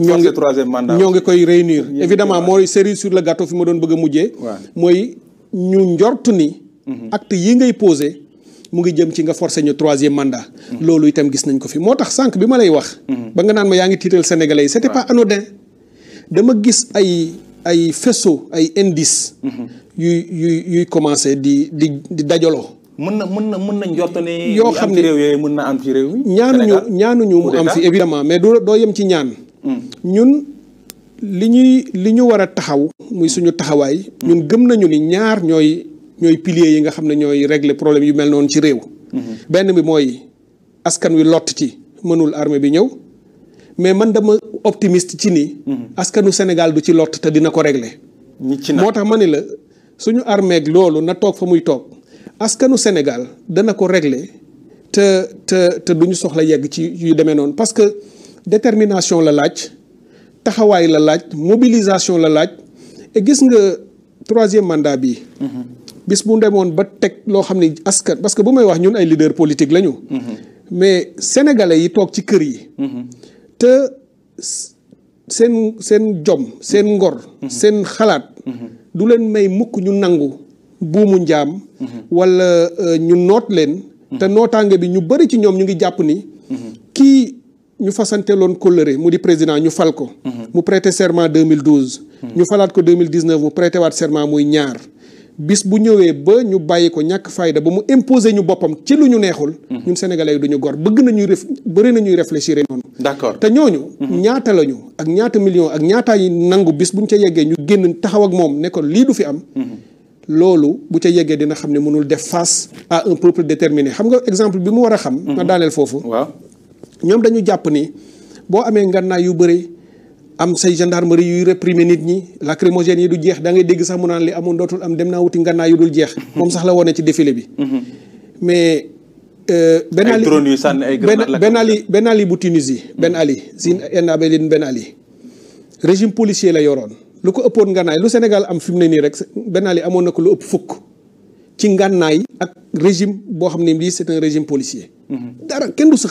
ñoo ngi troisième ñoo ngi koy réunir évidemment mooy cerise sur le gâteau fi ma doon bëgg a mujjee mooy ñu njort ni mhm. acte yi ngay posé mu ngi jëm ci nga forcé ñu troisième mandat mhm. loolu itam gis nañ ko fi moo tax sànq bi ma lay wax mhm. ba nga naan ma yaa ngi tiital sénégalais yi c'était pas anodin dama gis ay ay faisceau ay indice yuy yuy commencé di di di dajaloo mën na mën na mën na njort ne yoo xam ne réew yooyu na am ci réew mi ñaanuñu ñaanuñu mu am fi évidemment mais doo doo yem ci ñaan ñun li ñuy li ñu war a taxaw muy suñu taxawaay ñun gëm nañu ni ñaar ñooy ñooy piliers yi nga xam ne ñooy régler problème yu mel noonu ci réew benn bi mooy askan wi lott ci mënul armée bi ñëw mais man dama optimiste ci ni askanu Sénégal du ci lott te dina ko régler moo tax ma ni la suñu armée loolu na toog fa muy toog askanu Sénégal dana ko régler te te te duñu soxla yegg ci yu demee noonu parce que détermination la laaj taxawaay la laaj mobilisation la laaj et gis nga troisième mandat bi mm-hmm. bis bu ndemoon ba teg loo xam ni askan parce que bu may wax ñun ay leader politique lañu. Mm-hmm. mais sénégalais yi toog ci kër yi. Mm-hmm. te seen seen jom seen ngor. seen xalaat. du leen may mukk ñu nangu buumu njaam. wala euh, ñu noot leen. te nootaange bi ñu bëri ci ñoom ñu ngi jàpp ni. kii ñu fasanteeloon kóllëre mu di président ñu fal ko. mu prêter serment 2012. ñu falaat ko 2019 mu prêter waat serment muy ñaar. bis bu ñëwee ba ñu bàyyi ko ñàkk fayda ba mu imposer ñu boppam ci lu ñu neexul. ñun sénégalais yi du ñu gor bëgg nañuy ref bëri nañuy réfléchir noonu. d'accord te ñooñu. ñaata lañu ak ñaata million ak ñaata yi nangu bis bu ñu ca yeggee ñu génn taxaw ak moom ne lii du fi am. loolu bu ca yeggee dina xam ne mënul def face à un peuple déterminé xam nga exemple bi mu war a xam. Mhm. ma daaneel foofu. waaw ñoom dañu jàpp ni boo amee ngànnaay yu bëri am say gendarmerie yuy réprimer nit ñi lacrymogène yi du jeex da ngay dégg sax mu naan li amoon dootul am dem naa wuti ngànnaay yu dul jeex. Mhm. moom sax la wone ci défilé bi. Mhm. mais. Euh, ben Ali Ben Ali Ben Ali bu Tunisie mhm. benn Ali Zine El Abidine Ben Ali régime policier la yoroon lu ko ëppoon ngànnaay lu Sénégal am fi mu ne nii rek Ben Ali amoon na ko lu ëpp fukk ci ngànnaay ak régime boo xam ne lii c'est un régime policier. dara kenn du sa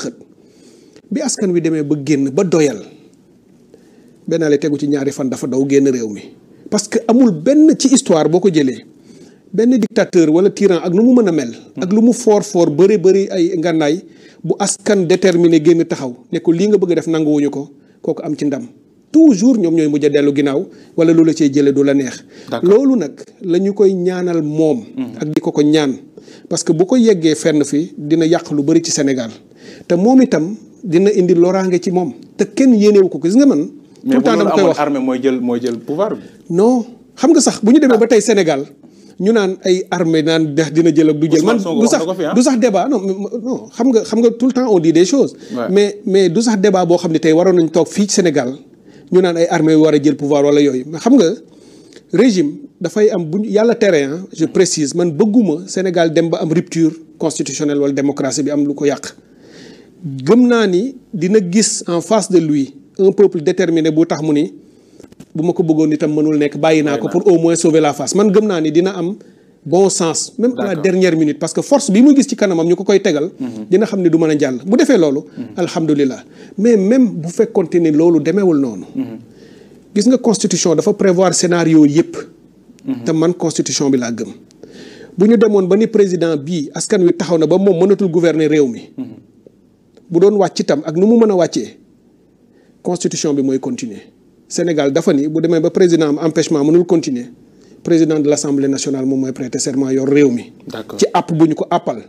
bi askan wi demee ba génn ba doyal benn lay tegu ci ñaari fan dafa daw génn réew mi parce que amul benn ci histoire boo ko jëlee benn dictateur wala tyran ak lu mu mën a mel. ak lu mu foor foor bëri bëri ay ngànnaay bu askan déterminé génn taxaw ne ko lii nga bëgg a def nanguwuñu ko kooku am ci ndam toujours ñoom ñooy mujj a dellu ginnaaw wala lu la cee jëlee du la neex. loolu nag la ñu koy ñaanal moom. Mm-hmm. ak di ko ko ñaan parce que bu ko yeggee fenn fi dina yàq lu bëri ci Sénégal te moom itam. dina indi loraange ci moom te kenn yéenewu ko gis nga man. pourtant dama koy wax mais mooy jël mooy jël pouvoir bi. xam nga sax bu ñu demee ba ah. tey Sénégal ñu naan ay armée naan dina jël ak du jël. man du sax ah. du sax débat non xam nga xam tout le temps on dit des choses. mais mais du sax débat boo xam ne tey waroon nañ toog fii ci Sénégal ñu naan ay armée war a jël pouvoir wala yooyu mais xam nga régime dafay am bu yàlla terrain je précise man bëgguma Sénégal dem ba am rupture constitutionnelle wala démocratie bi am lu ko yàq. gëm naa ni dina gis en face de lui un peuple déterminé bu tax mu ni bu ma ko bëggoon itam mënul nekk bàyyi naa ko pour au moins sauver la face man gëm naa ni dina am bon sens même à la dernière minute parce que force bi mu gis ci kanamam ñu ko koy tegal mhm. dina xam ne du mën a jàll bu defee loolu mhm. alhamdulilah mais même bu fekkonte ni loolu demeewul noonu mhm. gis nga constitution dafa prévoir scénario yëpp te man constitution bi laa gëm bu ñu demoon ba ni président bii askan wi taxaw na ba moom mënatul gouverner réew mi bu doon wàcc itam ak nu mu mën a wàccee constitution bi mooy continuer Sénégal dafa ni bu demee ba président am empêchement mënul continuer président de l' assemblée nationale moom mooy prêter serment yor réew mi. ci àpp bu ñu ko àppal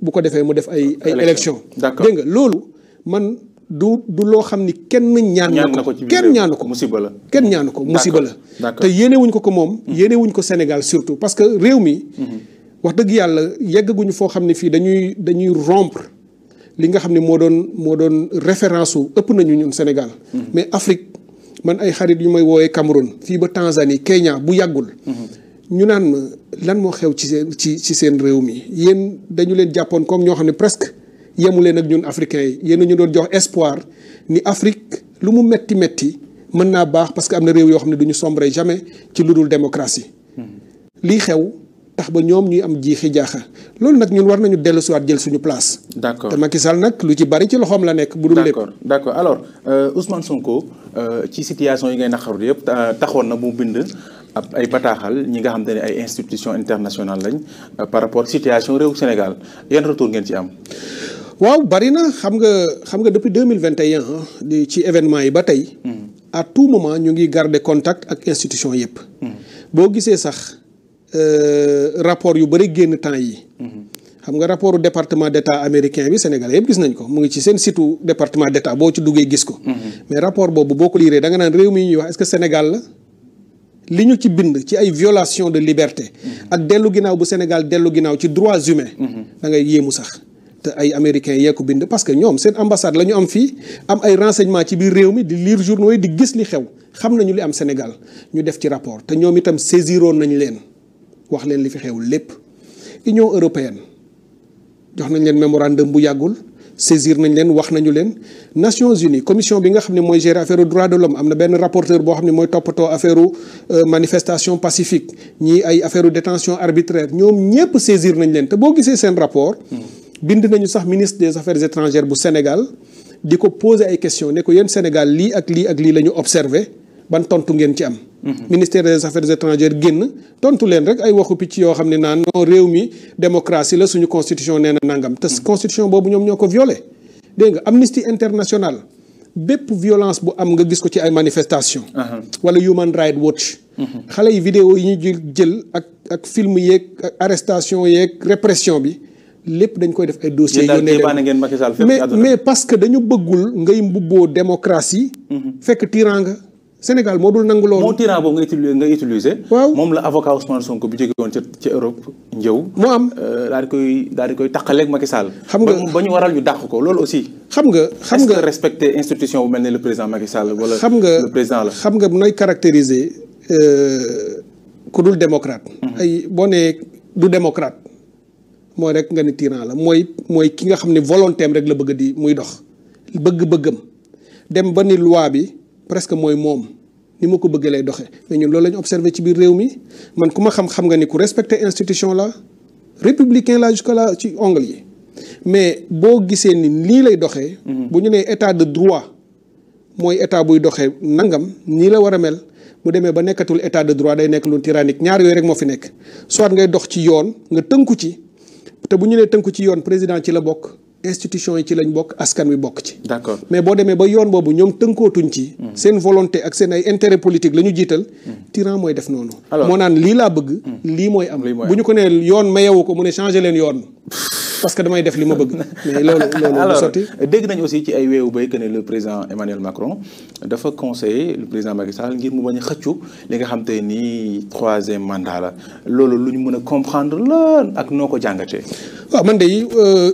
bu ko defee mu def ay ay élection dégg nga loolu man du du loo xam ni kenn ñaan na ko kenn ñaanu ko musiba la kenn ñaanu ko musiba la te yéene wuñ ko ko moom hmm. yéene wuñ ko Sénégal surtout parce que réew mi hmm. wax dëgg yàlla yeggaguñu foo xam ne fii dañuy dañuy rompre li nga xam ne moo doon moo doon référence wu ëpp nañu ñun Sénégal. Mm-hmm. mais Afrique man ay xarit yu may woowee Cameroun fii ba Tanzanie Kenya bu yàggul. Mm-hmm. ñu naan lan moo xew ci seen ci ci seen réew mi yéen dañu leen jàppoon comme ñoo xam ne presque yemu leen ak ñun africains yi yéen ñu doon jox espoir ni Afrique lu mu metti metti mën naa baax parce que am na réew yoo xam ne du ñu sombre jamais ci lu dul démocratie. Mm-hmm. lii xew. tax ba ñoom ñuy am jiixi jaaxa loolu nag ñun war nañu dellu waat jël suñu place. d'accord te Macky Sall nag lu ci bari ci loxoom la nekk. bu dul lépp d'accord d'accord alors euh, Ousmane Sonko euh, ci situation yi ngay naqaru yëpp taxoon na mu bind. ab ay bataaxal ñi nga xam te ne ay institution internationale lañ euh, par rapport situation réew Sénégal yan retour ngeen ci am waaw bari na xam nga xam nga depuis deux mille vingt et un ci événement yi ba tey hmm. à tout moment ñu ngi garder contact ak institution yépp hmm. boo gisee sax Euh, rapport yu bari génn temps yi xam nga rapport département d'état américain bi sénégalais yëpp gis nañ ko mu ngi ci seen site département d'état boo ci duggee gis ko mhm. mais rapport boobu boo ko liiree da nga naan réew mi ñuy wax est Sénégal la li ñu ci bind ci ay violation de liberté mhm. ak dellu ginnaaw bu Sénégal dellu ginnaaw ci droits humains mhm. da yéemu sax te ay américains yee ko bind parce que ñoom seen ambassade la ñu am fii am ay renseignement ci biir réew mi di lire journaux yi di gis li xew xam nañu li am Sénégal ñu def ci rapport te ñoom itam saisiroon nañ leen wax leen li fi xew lépp Union européenne jox nañ leen mémorandum bu yàggul saisir nañ leen wax nañu leen Nations Unies commission bi nga xam ne mooy gérer affaire droit de l'homme am na benn rapporteur boo xam ne mooy toppatoo affaire euh, manifestation pacifique ñii ay affaire détention arbitraire ñoom ñépp saisir nañ leen te boo gisee seen rapport bind nañu sax ministre des affaires étrangères bu Sénégal di ko poser ay questions ne ko yéen Sénégal lii ak lii ak lii la ñu observé ban tontu ngeen ci am ministère des affaires étrangères génn tontu leen rek ay waxu picc yoo xam ne naan non réew mi démocratie la suñu constitution nee na nangam te constitution boobu ñoom ñoo ko violé dégg nga Amnesty International bépp violence bu am nga gis ko ci ay manifestation uh-huh. wala Human Rights Watch uh-huh. xale yi vidéo yi ñu jël ak ak film yeeg arrestation yeeg répression bi lépp dañ koy def ay dossiers yónnee leen mais mais parce que dañu bëggul ngay mbubboo démocratie uh-huh. fekk tyran nga Sénégal moo dul nangu loolu. moo tira boobu nga utiliser waaw moom la avocat Ousmane Sonko bi bu woon ca ca Europe njëw. moo am euh, daal di koy daal di koy taqaleeg Macky Sall. xam nga ba ñu waral ñu dàq ko loolu aussi. xam nga xam nga respecter institution bu mel ne le président Macky Sall. wala le président la xam nga xam nga nooy caractériser euh, ku dul démocrate. Mhm. ay boo nee du démocrate mooy rek nga ni tyran la mooy mooy ki nga xam ne volonté am rek la bëgg di muy dox bëgg-bëggam dem ba ni loi bi. presque mooy moom ni ma ko bëggee lay doxee mais ñun loolu la ñu observé ci biir réew mi man ku ma xam xam nga ni ku respecté institution la républicain la jusque là ci ongle yi mais boo gisee ni lii lay doxee. Mhm. bu ñu nee état de droit mooy état buy doxee nangam nii la war a mel. mu demee ba nekkatul état de droit day nekk lu tyrannique ñaar yooyu rek moo fi nekk soit ngay dox ci yoon nga tënku ci te bu ñu nee tënku ci yoon président ci la bokk institution yi ci lañ bokk askan wi bokk ci. d'accord mais boo demee ba yoon boobu ñoom tënkootuñ ci. Mm. seen volonté ak seen ay intérêt politique la ñu jiital. Mm. tyran mooy def noonu. moo naan lii laa bëgg. Mm. lii mooy am bu ñu ko nee yoon mayewu ko mu ne changé leen yoon. parce damay def li ma bëgg. mais loolu sotti. dégg nañ aussi ay weewu bay que ne le président Emmanuel Macron dafa conseillé le président Macky Sall mu bañ a xëccu li nga xam te ni troisième la ak noo ko jàngatee. waaw man euh,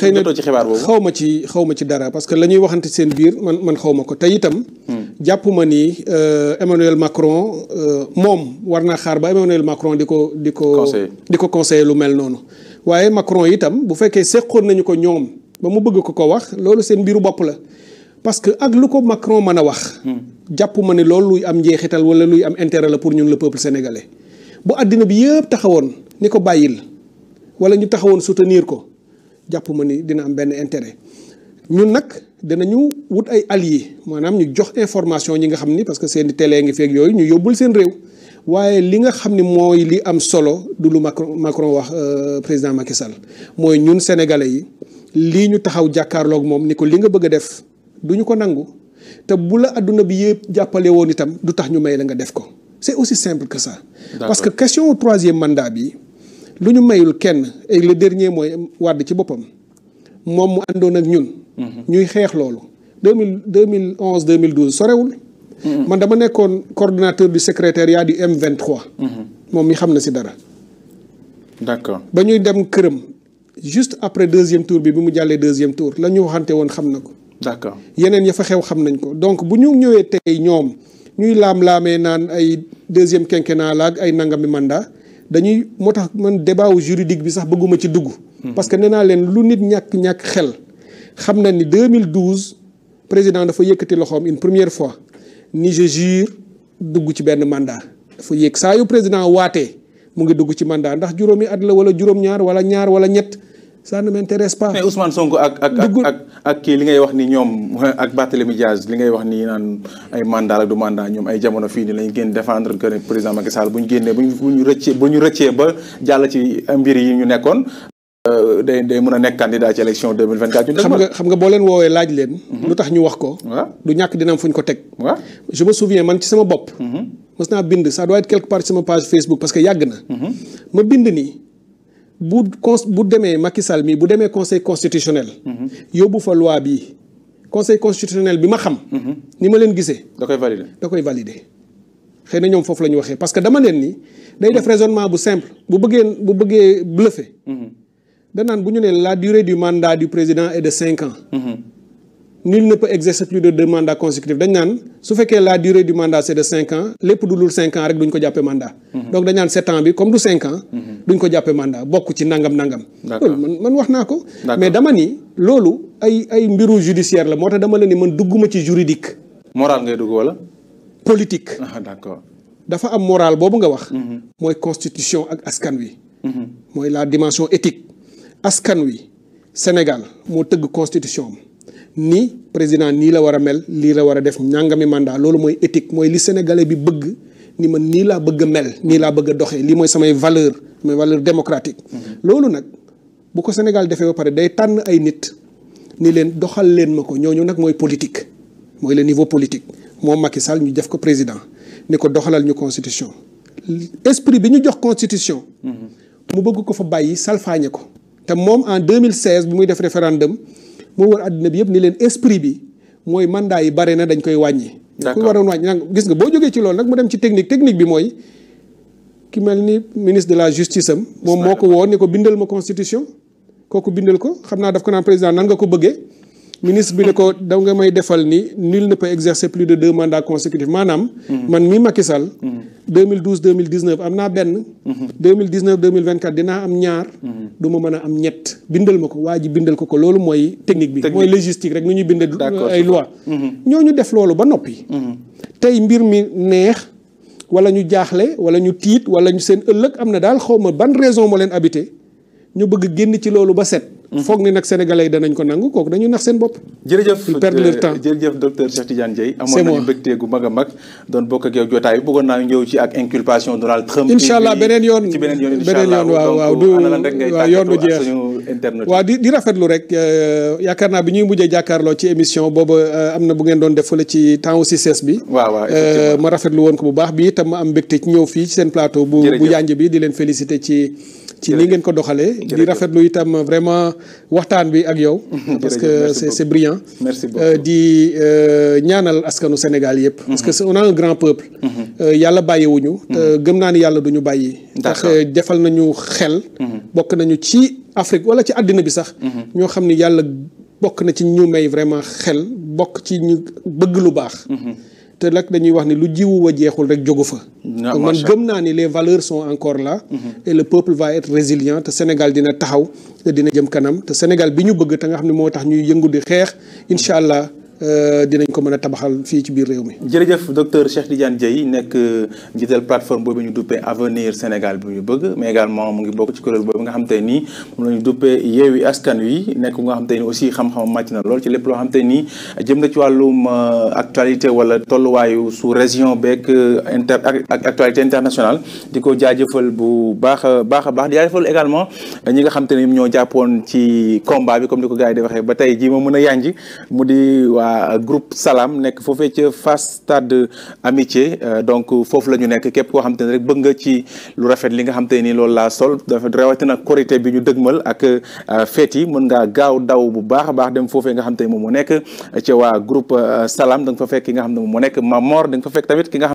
xëy na xëy ci xibaar boobu xaw ma ci xaw ma ci dara parce que la ñuy waxante seen biir man man xaw ma ko te itam. Hmm. jàpp ma ni euh, Emmanuel Macron euh, moom war naa xaar ba Emmanuel Macron di ko di ko. di ko conseiller lu mel noonu. waaye Macron itam bu fekkee seqoon nañu ko ñoom ba mu bëgg ko ko wax loolu seen mbiru bopp la parce que ak lu ko Macron mën a wax. Hmm. jàpp ma ni loolu luy am njeexital wala luy am intérêt la pour ñun la peuple sénégalais bu àddina bi yëpp taxawoon ni ko bàyyil wala ñu taxawoon soutenir ko. jàpp ma ni dina am benn intérêt ñun nag dinañu wut ay alliés maanaam ñu jox information ñi nga xam ni parce que seen i télé ngi feeg yooyu ñu yóbbul seen réew waaye li nga xam ni mooy li am solo du lu Macron Macron wax euh, président Macky Sall mooy ñun sénégalais yi lii ñu taxaw jàkkaarloog moom ni ko li nga bëgg a def du ñu ko nangu te bu la adduna bi yëpp jàppale woon itam du tax ñu may la nga def ko c'est aussi simple que ça. parce que question troisième mandat bi. lu ñu mayul kenn ay le dernier mooy wàdd ci boppam moom mu àndoon ak ñun. Mm-hmm. ñuy xeex loolu deux mille deux mille onze deux mille douze sorewul. Mm-hmm. man dama nekkoon bi du secrétariat di M23. moom mi xam na si dara. d'accord ba ñuy dem këram juste après deuxième tour bi bi mu jàllee deuxième tour la ñu waxante woon xam na ko. d'accord yeneen ya fa xew xam nañ ko donc bu ñu ñëwee tey ñoom ñuy laam-laamee naan ay deuxième quinquennat laag ay nangami mandat dañuy moo tax man débat wu juridique bi sax bëgguma ci dugg. parce que nee naa leen lu nit ñàkk ñàkk xel. xam na ni 2012 président dafa yëkkati loxoom une première fois ni jure dugg ci benn mandat. dafa yëg saa yu président waatee mu ngi dugg ci mandat ndax juróomi at la wala juróom-ñaar wala ñaar wala ñett. ça ne m'intéresse pas. mais Ousmane Sonko ak ak ak kii li ngay wax ni ñoom ak Barthélémy Diaz li ngay wax ni naan ay mandat ak du mandat ñoom ay jamono fii ni lañ génn défendre que président Macky Sall bu ñu génnee bu ñu bu ñu rëccee bu ñu rëccee ba jàll ci mbir yi nekkoon. Euh, day day mën a nekk candidat ci élection 2024. xam nga xam nga boo leen woowee laaj leen. Mhm. lu tax ñu wax ko. du ñàkk dina fu ñu ko teg. waa je me souviens man ci sama bopp. Mhm. mës naa bind ça doit être quelque part ci sama page Facebook parce que yàgg na. Mhm. ma bind nii. bu con bu demee Macky Sall mii bu demee conseil constitutionnel. Mhm. yóbbu fa loi bii conseil constitutionnel bi ma xam. Mhm. ni ma leen gisee. da koy valider da koy valider. xëy na ñoom foofu la ñu waxee parce que dama leen ni. day def mhm. raisonnement bu simple bu bëggee bu bëggee bluffer. danaan bu ñu nee la durée du mandat du président est de cinq ans. nul ne peut exercer plus de deux mandats dañ naan su fekkee la durée du mandat c' est de cinq ans lépp du dul cinq ans rek duñ ko jàppee mandat. Mhm. donc dañ naan sept bi comme du cinq ans. Mhm. duñ ko jàppee mandat bokk ci nangam nangam. man wax naa ko. mais dama ni loolu ay ay mbiru judiciaire la moo tax dama la ni man dugguma ci juridique. moral ngay dugg wala. politique. Ah, accord. dafa am moral boobu nga wax. Mhm. mooy constitution ak askan wi. mooy la dimension étique askan wi Sénégal moo tëgg constitution am ni président nii la war a mel lii la war a def ñàngami mandat loolu mooy étique mooy li sénégalais bi bëgg ni man nii laa bëgg a mel nii laa bëgg a doxee lii mooy samay valeur samay valeur démocratique mm-hmm. loolu nag bu ko Sénégal defee ba pare day tànn ay nit ni leen doxal leen ma ko ñooñu nag mooy politique mooy le niveau politique moom Macky Sall ñu def ko président ni ko doxalal ñu constitution esprit bi ñu jox constitution mm-hmm. mu bëgg ko fa bàyyi salfaañe ko te moom en 2016 bi muy def référendum moo wër àddina bi yëpp ni leen esprit bi mooy mandat yi bare na dañ koy wàññi. d'accord ku waroon wàññi nag gis nga boo jógee ci loolu nag mu dem ci technique technique bi mooy ki mel ni ministre de la justice am. moom moo ko woo ni ko bindal ma constitution. kooku bindal ko xam naa daf ko naan président nan nga ko bëggee. ministre bi ne ko hmm. daw nga may defal ni nul ne peut exercer plus de deux mandats consécutifs maanaam. Hmm. man mii Macky 2012 2019 am naa benn. 2019 2024 dinaa am ñaar. du ma mën a am ñett bindal ma ko waa ji bindal ko ko loolu mooy. technique bi mooy logistique rek nu ñuy bindee. ay loi mhm. ñooñu def loolu ba noppi. Mhm. tey mbir mi neex wala ñu jaaxle wala ñu tiit wala ñu seen ëllëg am na daal xaw ma ban raison moo leen habité ñu bëgg génn ci loolu ba set. foog ni nag sénégalais yi danañ ko nangu kooku dañu nax seen bopp. jërëjëf ils perdent leur temps jërëjëf docteur Cheikh gu mag a mag. doon bokk ak yow jotaay bëggoon naa ñëw ci ak inculpation Donald Trump. incha beneen yoon ci beneen yoon beneen yoon waaw waaw du waaw yoon du di di rafetlu rek euh, yaakaar naa bi ñuy mujjee jàkkaarloo ci émission booba euh, am na bu ngeen doon def fële ci temps aussi ses bi. waaw waaw euh, ma woon ko bu baax bi itam ma am mbégte ci ñëw fii seen plateau bu bu yànj bi di leen féliciter ci ci ni ngeen ko doxalee di rafetlu itam vraiment waxtaan bi ak yow mm-hmm. parce que c'est c'est brillant di ñaanal askanu Sénégal yëpp parce que on a un grand peuple mm-hmm. euh, yàlla bàyyiwuñu mm-hmm. te gëm naa ni yàlla duñu bàyyi ndax euh, defal nañu xel bokk nañu ci Afrique wala ci àddina bi sax ñoo xam ni yàlla bokk na ci ñu may vraiment xel bokk ci ñu bëgg lu baax te nag dañuy wax ni lu jiwu wa jeexul rek jógu fa ah, donc man gëm naa ni les valeurs son encore la mhm. le peuple va être résilient te Sénégal dina taxaw te dina jëm kanam te Sénégal bi ñu bëgg te nga xam ne moo tax ñuy yëngul di xeex incha allah Euh, dinañ ko mën a tabaxal fii ci biir réew mi. jërëjëf docteur Cheikh Tidiane Dieye nekk euh, njiital plateforme boobu ñu duppee avenir Sénégal bi ñu bëgg mais également mu ngi bokk ci kuréel boobu nga xam te moom la ñu duppee yeewi askan wi nekk nga xam aussi xam-xam na lool ci lépp loo xam jëm na ci wàllum euh, actualité wala tolluwaayu sous région beeg inter ak actualité internationale di ko jaajëfal bu baax a baax a baax di également ñi nga xam te ni ñoo jàppoon ci combat bi comme ni ko gars yi di waxee ba tey jii ma mën a yanj mu di waa groupe salaam nekk foofee ca face stade amitié euh, donc foofu la ñu nekk képp koo xam te ne rek bëgg nga ci lu rafet li nga xam te ni loolu laa sol dafa rawatina korité bi ñu dëgmal ak euh, fête yi mën ngaa gaaw daw bu baax a baax dem foofee nga xam te ni moom moo nekk ca waa groupe euh, Salam da nga fa fekk nga xam ne moom moo nekk Mamor da fa fekk tamit ki nga xam